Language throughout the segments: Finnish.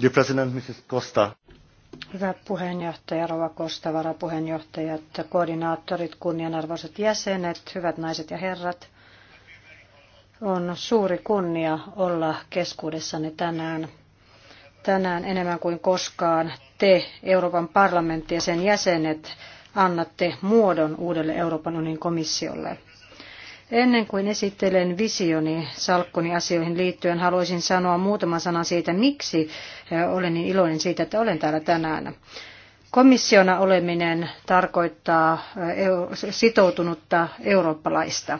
Dear President, Mrs. Costa. Hyvä puheenjohtaja, Rova Kosta, varapuheenjohtajat, koordinaattorit, kunnianarvoiset jäsenet, hyvät naiset ja herrat. On suuri kunnia olla keskuudessanne tänään. Tänään enemmän kuin koskaan te, Euroopan parlamentti ja sen jäsenet, annatte muodon uudelle Euroopan unionin komissiolle. Ennen kuin esittelen visioni salkkuni asioihin liittyen, haluaisin sanoa muutaman sanan siitä, miksi eh, olen niin iloinen siitä, että olen täällä tänään. Komissiona oleminen tarkoittaa eh, sitoutunutta eurooppalaista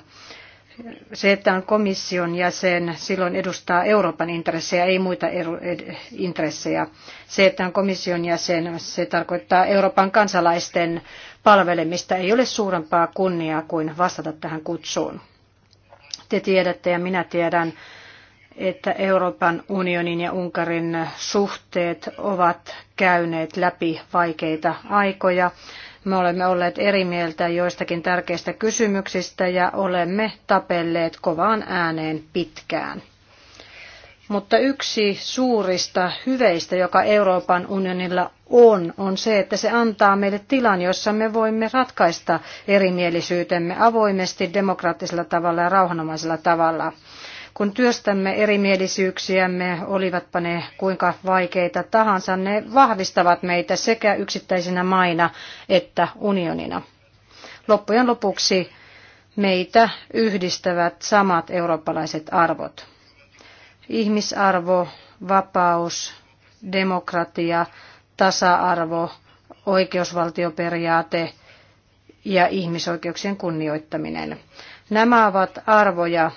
se, että on komission jäsen, silloin edustaa Euroopan intressejä, ei muita eru, ed, intressejä. Se, että on komission jäsen, se tarkoittaa Euroopan kansalaisten palvelemista. Ei ole suurempaa kunniaa kuin vastata tähän kutsuun. Te tiedätte ja minä tiedän, että Euroopan unionin ja Unkarin suhteet ovat käyneet läpi vaikeita aikoja me olemme olleet eri mieltä joistakin tärkeistä kysymyksistä ja olemme tapelleet kovaan ääneen pitkään. Mutta yksi suurista hyveistä, joka Euroopan unionilla on, on se, että se antaa meille tilan, jossa me voimme ratkaista erimielisyytemme avoimesti, demokraattisella tavalla ja rauhanomaisella tavalla. Kun työstämme erimielisyyksiämme, olivatpa ne kuinka vaikeita tahansa, ne vahvistavat meitä sekä yksittäisinä maina että unionina. Loppujen lopuksi meitä yhdistävät samat eurooppalaiset arvot. Ihmisarvo, vapaus, demokratia, tasa-arvo, oikeusvaltioperiaate ja ihmisoikeuksien kunnioittaminen. Nämä ovat arvoja,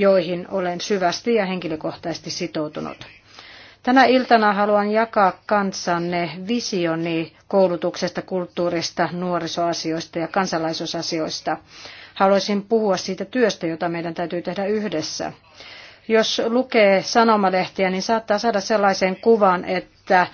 joihin olen syvästi ja henkilökohtaisesti sitoutunut. Tänä iltana haluan jakaa kanssanne visioni koulutuksesta, kulttuurista, nuorisoasioista ja kansalaisuusasioista. Haluaisin puhua siitä työstä, jota meidän täytyy tehdä yhdessä. Jos lukee sanomalehtiä, niin saattaa saada sellaisen kuvan, että että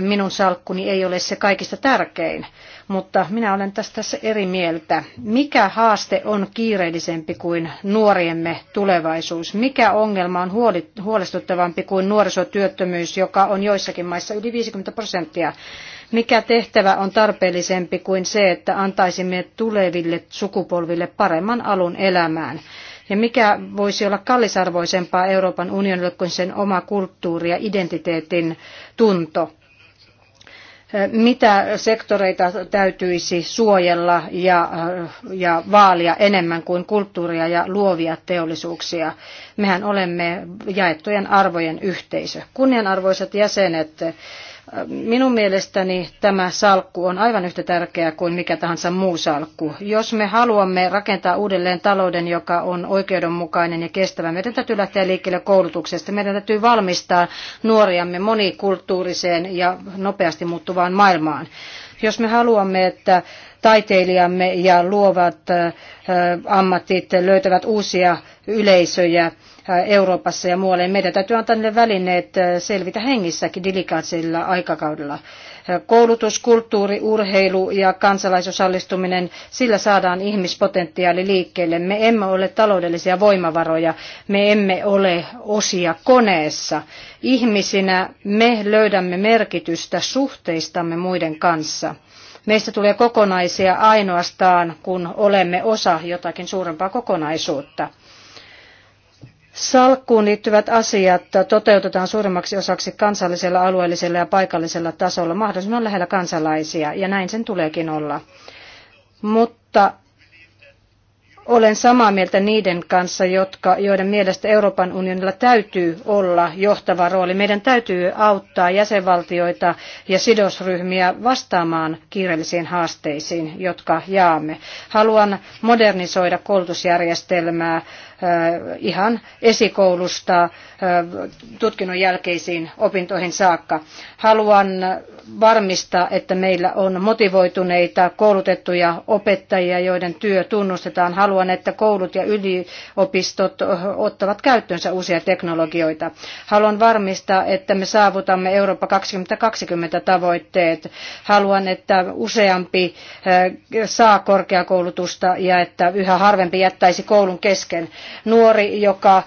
minun salkkuni ei ole se kaikista tärkein, mutta minä olen tästä eri mieltä. Mikä haaste on kiireellisempi kuin nuoriemme tulevaisuus? Mikä ongelma on huolestuttavampi kuin nuorisotyöttömyys, joka on joissakin maissa yli 50 prosenttia? Mikä tehtävä on tarpeellisempi kuin se, että antaisimme tuleville sukupolville paremman alun elämään? Ja mikä voisi olla kallisarvoisempaa Euroopan unionille kuin sen oma kulttuuri ja identiteetin tunto? Mitä sektoreita täytyisi suojella ja, ja vaalia enemmän kuin kulttuuria ja luovia teollisuuksia? Mehän olemme jaettujen arvojen yhteisö. Kunnianarvoiset jäsenet, Minun mielestäni tämä salkku on aivan yhtä tärkeä kuin mikä tahansa muu salkku. Jos me haluamme rakentaa uudelleen talouden, joka on oikeudenmukainen ja kestävä, meidän täytyy lähteä liikkeelle koulutuksesta. Meidän täytyy valmistaa nuoriamme monikulttuuriseen ja nopeasti muuttuvaan maailmaan. Jos me haluamme, että taiteilijamme ja luovat äh, äh, ammatit löytävät uusia yleisöjä äh, Euroopassa ja muualle, meidän täytyy antaa niille välineet selvitä hengissäkin delikaatilla aikakaudella. Koulutus, kulttuuri, urheilu ja kansalaisosallistuminen, sillä saadaan ihmispotentiaali liikkeelle. Me emme ole taloudellisia voimavaroja, me emme ole osia koneessa. Ihmisinä me löydämme merkitystä suhteistamme muiden kanssa. Meistä tulee kokonaisia ainoastaan, kun olemme osa jotakin suurempaa kokonaisuutta. Salkkuun liittyvät asiat toteutetaan suurimmaksi osaksi kansallisella, alueellisella ja paikallisella tasolla mahdollisimman lähellä kansalaisia, ja näin sen tuleekin olla. Mutta olen samaa mieltä niiden kanssa, jotka, joiden mielestä Euroopan unionilla täytyy olla johtava rooli. Meidän täytyy auttaa jäsenvaltioita ja sidosryhmiä vastaamaan kiireellisiin haasteisiin, jotka jaamme. Haluan modernisoida koulutusjärjestelmää ihan esikoulusta tutkinnon jälkeisiin opintoihin saakka. Haluan varmistaa, että meillä on motivoituneita, koulutettuja opettajia, joiden työ tunnustetaan. Haluan, että koulut ja yliopistot ottavat käyttöönsä uusia teknologioita. Haluan varmistaa, että me saavutamme Eurooppa 2020 tavoitteet. Haluan, että useampi saa korkeakoulutusta ja että yhä harvempi jättäisi koulun kesken. Nuori, joka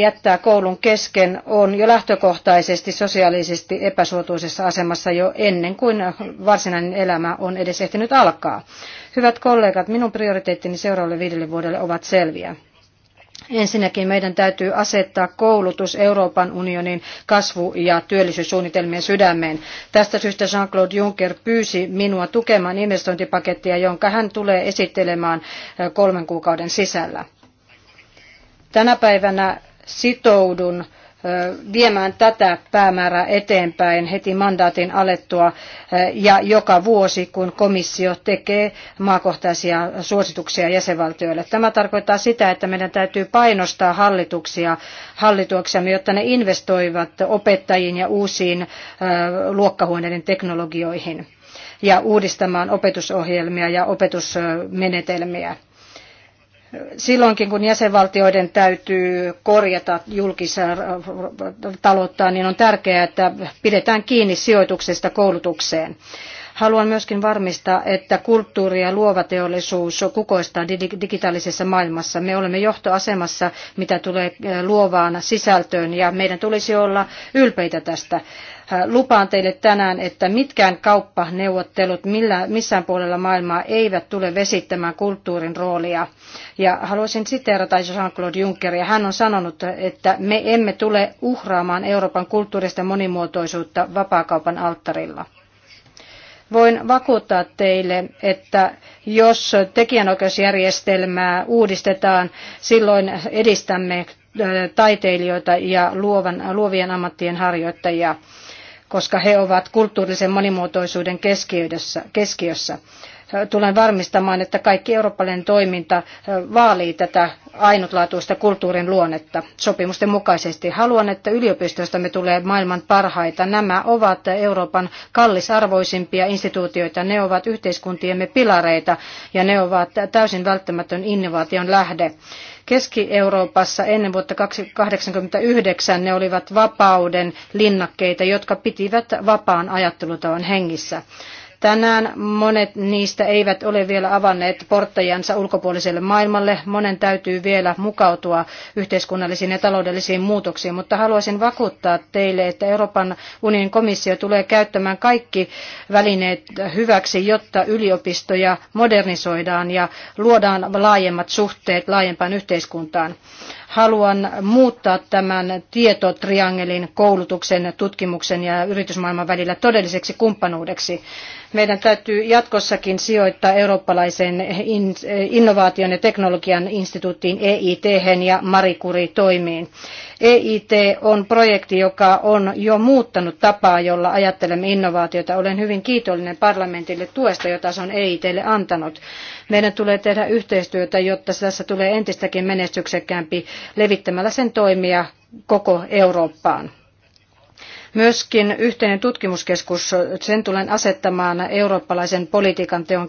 jättää koulun kesken, on jo lähtökohtaisesti sosiaalisesti epäsuotuisessa asemassa jo ennen kuin varsinainen elämä on edes ehtinyt alkaa. Hyvät kollegat, minun prioriteettini seuraavalle viidelle vuodelle ovat selviä. Ensinnäkin meidän täytyy asettaa koulutus Euroopan unionin kasvu- ja työllisyyssuunnitelmien sydämeen. Tästä syystä Jean-Claude Juncker pyysi minua tukemaan investointipakettia, jonka hän tulee esittelemään kolmen kuukauden sisällä. Tänä päivänä sitoudun viemään tätä päämäärää eteenpäin heti mandaatin alettua ja joka vuosi, kun komissio tekee maakohtaisia suosituksia jäsenvaltioille. Tämä tarkoittaa sitä, että meidän täytyy painostaa hallituksia hallituksia, jotta ne investoivat opettajiin ja uusiin luokkahuoneiden teknologioihin ja uudistamaan opetusohjelmia ja opetusmenetelmiä silloinkin kun jäsenvaltioiden täytyy korjata julkista talouttaan, niin on tärkeää, että pidetään kiinni sijoituksesta koulutukseen. Haluan myöskin varmistaa, että kulttuuri ja luova teollisuus kukoistaa digitaalisessa maailmassa. Me olemme johtoasemassa, mitä tulee eh, luovaan sisältöön, ja meidän tulisi olla ylpeitä tästä äh, lupaan teille tänään, että mitkään kauppaneuvottelut millä, missään puolella maailmaa eivät tule vesittämään kulttuurin roolia. Ja haluaisin siteerata Jean-Claude Junckeria. Hän on sanonut, että me emme tule uhraamaan Euroopan kulttuurista monimuotoisuutta vapaakaupan alttarilla. Voin vakuuttaa teille, että jos tekijänoikeusjärjestelmää uudistetaan, silloin edistämme äh, taiteilijoita ja luovan, luovien ammattien harjoittajia, koska he ovat kulttuurisen monimuotoisuuden keskiössä. keskiössä tulen varmistamaan, että kaikki eurooppalainen toiminta vaalii tätä ainutlaatuista kulttuurin luonnetta sopimusten mukaisesti. Haluan, että yliopistoistamme tulee maailman parhaita. Nämä ovat Euroopan kallisarvoisimpia instituutioita. Ne ovat yhteiskuntiemme pilareita ja ne ovat täysin välttämätön innovaation lähde. Keski-Euroopassa ennen vuotta 1989 ne olivat vapauden linnakkeita, jotka pitivät vapaan ajattelutavan hengissä. Tänään monet niistä eivät ole vielä avanneet porttejansa ulkopuoliselle maailmalle. Monen täytyy vielä mukautua yhteiskunnallisiin ja taloudellisiin muutoksiin, mutta haluaisin vakuuttaa teille, että Euroopan unionin komissio tulee käyttämään kaikki välineet hyväksi, jotta yliopistoja modernisoidaan ja luodaan laajemmat suhteet laajempaan yhteiskuntaan. Haluan muuttaa tämän tietotriangelin koulutuksen, tutkimuksen ja yritysmaailman välillä todelliseksi kumppanuudeksi. Meidän täytyy jatkossakin sijoittaa eurooppalaisen innovaation ja teknologian instituuttiin EIT ja Marikuri toimiin. EIT on projekti, joka on jo muuttanut tapaa, jolla ajattelemme innovaatiota. Olen hyvin kiitollinen parlamentille tuesta, jota se on EITlle antanut. Meidän tulee tehdä yhteistyötä, jotta tässä tulee entistäkin menestyksekkäämpi levittämällä sen toimia koko Eurooppaan. Myöskin yhteinen tutkimuskeskus, sen tulen asettamaan eurooppalaisen politiikan teon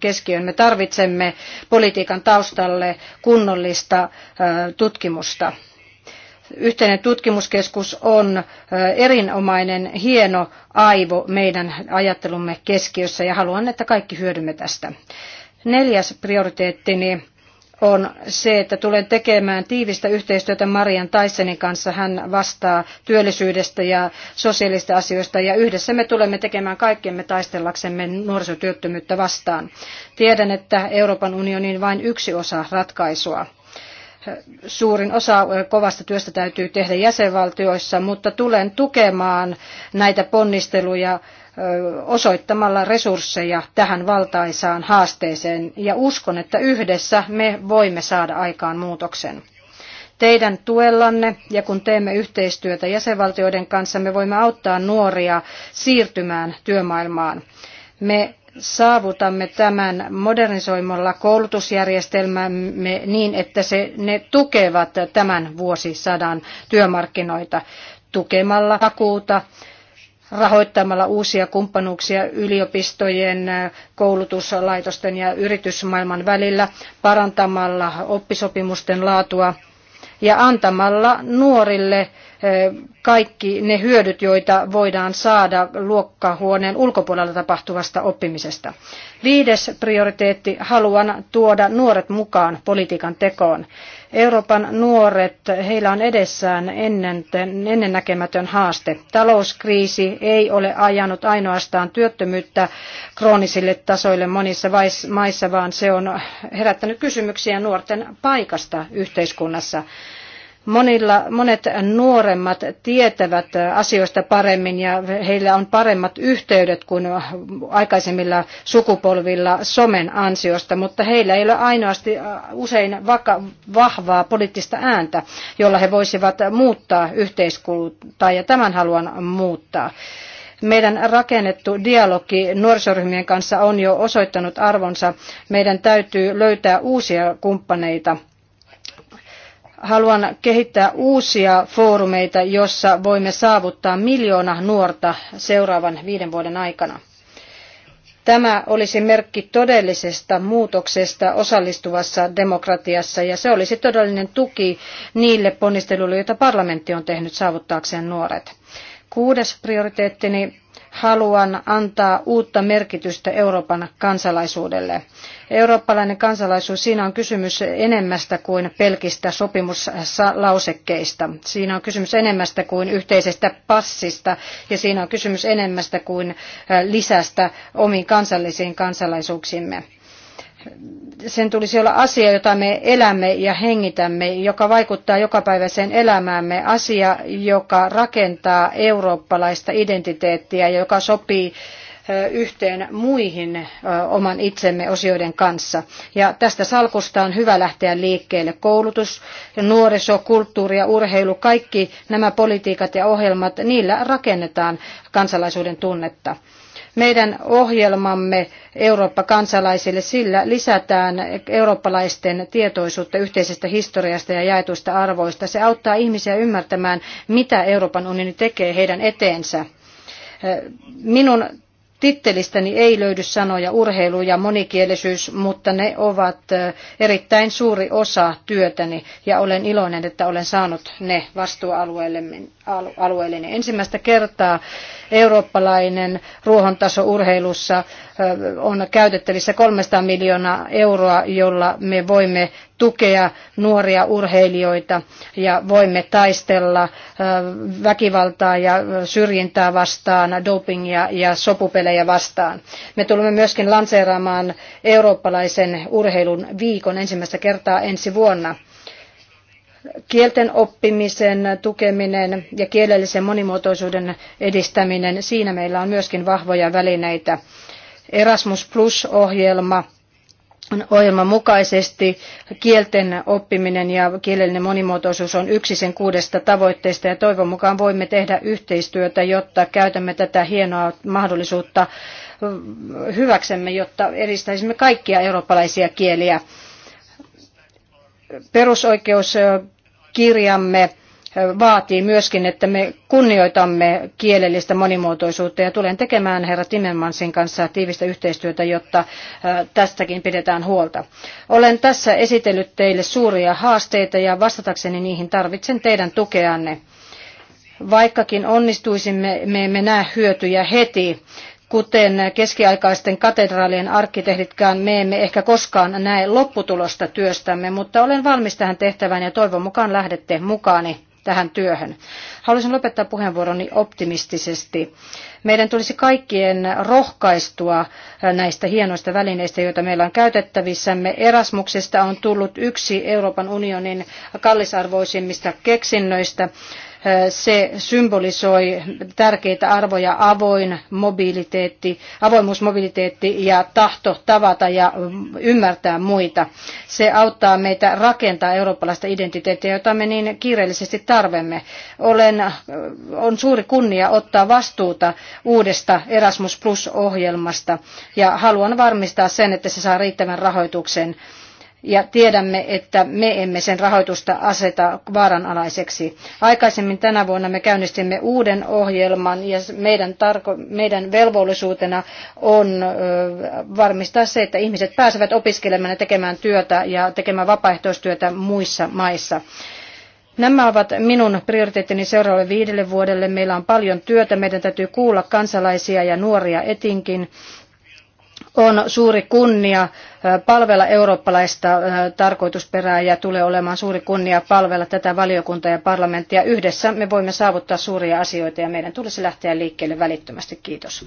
keskiöön. Me tarvitsemme politiikan taustalle kunnollista tutkimusta yhteinen tutkimuskeskus on erinomainen hieno aivo meidän ajattelumme keskiössä ja haluan, että kaikki hyödymme tästä. Neljäs prioriteettini on se, että tulen tekemään tiivistä yhteistyötä Marian Taissenin kanssa. Hän vastaa työllisyydestä ja sosiaalista asioista ja yhdessä me tulemme tekemään kaikkemme taistellaksemme nuorisotyöttömyyttä vastaan. Tiedän, että Euroopan unionin vain yksi osa ratkaisua suurin osa kovasta työstä täytyy tehdä jäsenvaltioissa, mutta tulen tukemaan näitä ponnisteluja osoittamalla resursseja tähän valtaisaan haasteeseen ja uskon, että yhdessä me voimme saada aikaan muutoksen. Teidän tuellanne ja kun teemme yhteistyötä jäsenvaltioiden kanssa, me voimme auttaa nuoria siirtymään työmaailmaan. Me saavutamme tämän modernisoimalla koulutusjärjestelmämme niin, että se, ne tukevat tämän vuosisadan työmarkkinoita tukemalla takuuta, rahoittamalla uusia kumppanuuksia yliopistojen, koulutuslaitosten ja yritysmaailman välillä, parantamalla oppisopimusten laatua ja antamalla nuorille kaikki ne hyödyt, joita voidaan saada luokkahuoneen ulkopuolella tapahtuvasta oppimisesta. Viides prioriteetti, haluan tuoda nuoret mukaan politiikan tekoon. Euroopan nuoret, heillä on edessään ennen, ennennäkemätön haaste. Talouskriisi ei ole ajanut ainoastaan työttömyyttä kroonisille tasoille monissa maissa, vaan se on herättänyt kysymyksiä nuorten paikasta yhteiskunnassa. Monilla, monet nuoremmat tietävät asioista paremmin ja heillä on paremmat yhteydet kuin aikaisemmilla sukupolvilla somen ansiosta, mutta heillä ei ole ainoasti äh, usein vaka, vahvaa poliittista ääntä, jolla he voisivat muuttaa yhteiskuntaa ja tämän haluan muuttaa. Meidän rakennettu dialogi nuorisoryhmien kanssa on jo osoittanut arvonsa. Meidän täytyy löytää uusia kumppaneita Haluan kehittää uusia foorumeita, jossa voimme saavuttaa miljoona nuorta seuraavan viiden vuoden aikana. Tämä olisi merkki todellisesta muutoksesta osallistuvassa demokratiassa ja se olisi todellinen tuki niille ponnisteluille, joita parlamentti on tehnyt saavuttaakseen nuoret. Kuudes prioriteettini haluan antaa uutta merkitystä Euroopan kansalaisuudelle. Eurooppalainen kansalaisuus, siinä on kysymys enemmästä kuin pelkistä sopimuslausekkeista. Siinä on kysymys enemmästä kuin yhteisestä passista ja siinä on kysymys enemmästä kuin lisästä omiin kansallisiin kansalaisuuksimme sen tulisi olla asia, jota me elämme ja hengitämme, joka vaikuttaa jokapäiväiseen elämäämme, asia, joka rakentaa eurooppalaista identiteettiä ja joka sopii yhteen muihin oman itsemme osioiden kanssa. Ja tästä salkusta on hyvä lähteä liikkeelle. Koulutus, nuoriso, kulttuuri ja urheilu, kaikki nämä politiikat ja ohjelmat, niillä rakennetaan kansalaisuuden tunnetta. Meidän ohjelmamme Eurooppa kansalaisille sillä lisätään eurooppalaisten tietoisuutta yhteisestä historiasta ja jaetuista arvoista. Se auttaa ihmisiä ymmärtämään, mitä Euroopan unioni tekee heidän eteensä. Minun tittelistäni ei löydy sanoja urheilu ja monikielisyys, mutta ne ovat erittäin suuri osa työtäni ja olen iloinen, että olen saanut ne vastuualueelleni. Ensimmäistä kertaa eurooppalainen ruohontaso urheilussa on käytettävissä 300 miljoonaa euroa, jolla me voimme tukea nuoria urheilijoita ja voimme taistella väkivaltaa ja syrjintää vastaan, dopingia ja sopupelejä vastaan. Me tulemme myöskin lanseeraamaan eurooppalaisen urheilun viikon ensimmäistä kertaa ensi vuonna. Kielten oppimisen tukeminen ja kielellisen monimuotoisuuden edistäminen, siinä meillä on myöskin vahvoja välineitä. Erasmus Plus-ohjelma ohjelman mukaisesti kielten oppiminen ja kielellinen monimuotoisuus on yksi sen kuudesta tavoitteesta ja toivon mukaan voimme tehdä yhteistyötä, jotta käytämme tätä hienoa mahdollisuutta mm, hyväksemme, jotta edistäisimme kaikkia eurooppalaisia kieliä. Perusoikeuskirjamme vaatii myöskin, että me kunnioitamme kielellistä monimuotoisuutta ja tulen tekemään herra Timmermansin kanssa tiivistä yhteistyötä, jotta tästäkin pidetään huolta. Olen tässä esitellyt teille suuria haasteita ja vastatakseni niihin tarvitsen teidän tukeanne. Vaikkakin onnistuisimme, me emme näe hyötyjä heti, kuten keskiaikaisten katedraalien arkkitehditkään me emme ehkä koskaan näe lopputulosta työstämme, mutta olen valmis tähän tehtävään ja toivon mukaan lähdette mukaani tähän työhön. Haluaisin lopettaa puheenvuoroni optimistisesti. Meidän tulisi kaikkien rohkaistua äh, näistä hienoista välineistä, joita meillä on käytettävissämme. Erasmuksesta on tullut yksi Euroopan unionin kallisarvoisimmista keksinnöistä se symbolisoi tärkeitä arvoja avoin mobiliteetti, avoimuus, mobiliteetti ja tahto tavata ja ymmärtää muita. Se auttaa meitä rakentaa eurooppalaista identiteettiä, jota me niin kiireellisesti tarvemme. Olen, on suuri kunnia ottaa vastuuta uudesta Erasmus Plus-ohjelmasta ja haluan varmistaa sen, että se saa riittävän rahoituksen ja tiedämme, että me emme sen rahoitusta aseta vaaranalaiseksi. Aikaisemmin tänä vuonna me käynnistimme uuden ohjelman ja meidän, tarko- meidän velvollisuutena on varmistaa se, että ihmiset pääsevät opiskelemaan ja tekemään työtä ja tekemään vapaaehtoistyötä muissa maissa. Nämä ovat minun prioriteettini seuraavalle viidelle vuodelle. Meillä on paljon työtä, meidän täytyy kuulla kansalaisia ja nuoria etinkin on suuri kunnia palvella eurooppalaista tarkoitusperää ja tulee olemaan suuri kunnia palvella tätä valiokuntaa ja parlamenttia. Yhdessä me voimme saavuttaa suuria asioita ja meidän tulisi lähteä liikkeelle välittömästi. Kiitos.